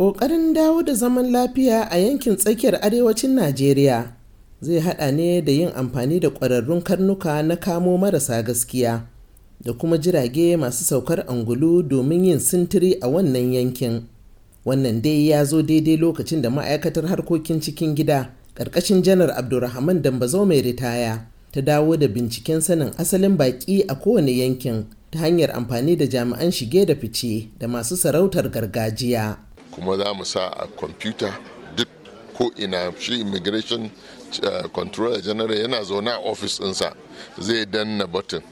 ƙoƙarin dawo da zaman lafiya a yankin tsakiyar arewacin najeriya zai haɗa ne da yin amfani da ƙwararrun karnuka na kamo marasa gaskiya da kuma jirage masu saukar angulu domin yin sintiri a wannan yankin wannan dai ya zo daidai lokacin da ma'aikatar harkokin cikin gida ƙarƙashin janar abdulrahman dambazo mai ritaya ta dawo da binciken sanin asalin baƙi a kowane yankin ta hanyar amfani da jami'an shige da fice da masu sarautar gargajiya kuma za mu sa a kwamfuta duk ko ina shi immigration eh, controller general yana zaune a ofis ɗinsa zai danna batun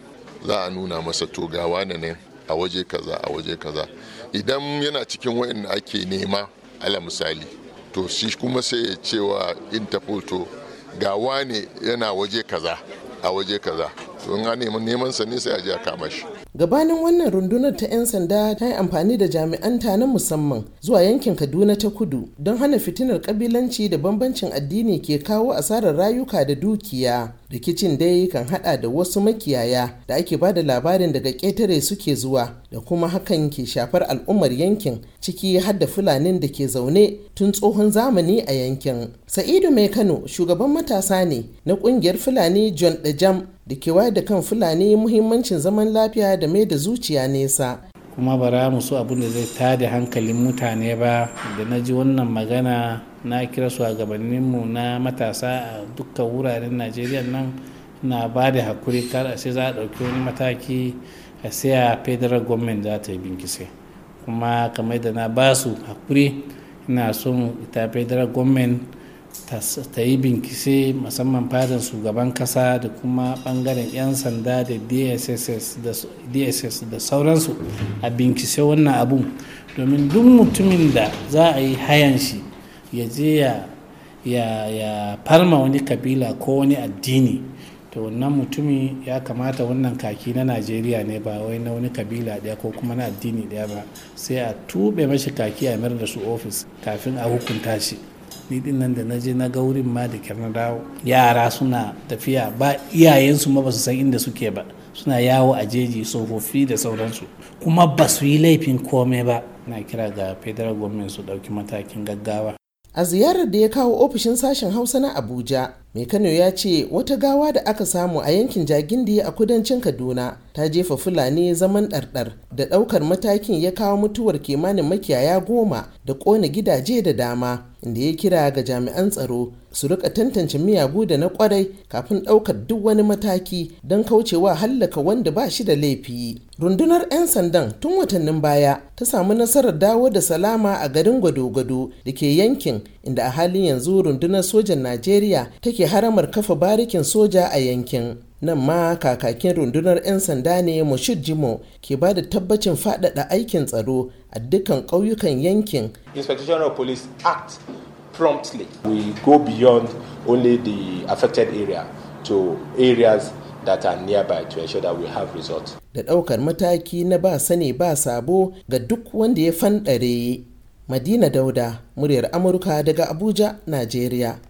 za a nuna masa togawa na ne a waje kaza a waje kaza idan yana cikin wayan ake nema ala misali to shi kuma sai ya cewa interpol to gawa ne yana waje kaza a waje kaza in an neman neman sa ne sai a je a kama shi gabanin wannan rundunar ta 'yan sanda ta yi amfani da jami'an ta na musamman zuwa yankin kaduna ta kudu don hana fitinar kabilanci da bambancin addini ke kawo asarar rayuka da dukiya rikicin dai kan hada da wasu makiyaya da ake ba da labarin daga ƙetare suke zuwa da kuma hakan ke shafar al'ummar yankin ciki har da fulanin da ke zaune tun tsohon zamani a yankin sa'idu mai kano shugaban matasa ne na ƙungiyar fulani john jam. da ke da kan fulani muhimmancin zaman lafiya da mai da zuciya nesa kuma ba ra musu abin da zai tada hankalin mutane ba da na ji wannan magana na kira su a gabaninmu na matasa a dukkan wuraren najeriya nan na ba da hakuri kar a sai za a ɗauki wani mataki a sai a federal government za ta yi binkise kuma kamar da na ba su hakuri ina son ita federal government ta yi binkise musamman fadin shugaban kasa da kuma bangaren 'yan sanda da dss da sauransu a binkise wannan abun domin duk mutumin da za a yi hayan shi ya je ya farma wani kabila ko wani addini to wannan mutumi ya kamata wannan kaki na najeriya ne ba wai na wani kabila daya ko kuma na addini daya ba sai a tube mashi kaki a mayar da su ofis kafin a hukunta shi ni din nan da na je na ga wurin ma da kyar na dawo yara suna tafiya ba iyayensu ma ba su san inda suke ba suna yawo a jeji tsofaffi da sauransu kuma ba su yi laifin komai ba na kira ga federal government su ɗauki matakin gaggawa a ziyarar da ya kawo ofishin sashen hausa na abuja mai kano ya ce wata gawa da aka samu a yankin jagindi a kudancin kaduna ta jefa fulani zaman ɗarɗar da ɗaukar matakin ya kawo mutuwar kimanin makiyaya goma da ƙona gidaje da dama inda ya kira ga jami'an tsaro su rika tantance miyagu da na kwarai kafin ɗaukar duk wani mataki don kaucewa hallaka wanda ba shi da laifi rundunar 'yan sandan tun watannin baya ta samu nasarar dawo da salama a garin gwado-gwado da ke yankin inda a halin yanzu rundunar sojan najeriya take haramar kafa barikin soja a yankin nan ma kakakin rundunar 'yan sanda ne moshid jimo ke ba da tabbacin faɗaɗa aikin tsaro a dukkan ƙauyukan yankin inspection of police act promptly we go beyond only the affected area to areas that are nearby to ensure that we have results da ɗaukar mataki na ba sani ba sabo ga duk wanda ya fanɗare madina dauda muryar amurka daga abuja najeriya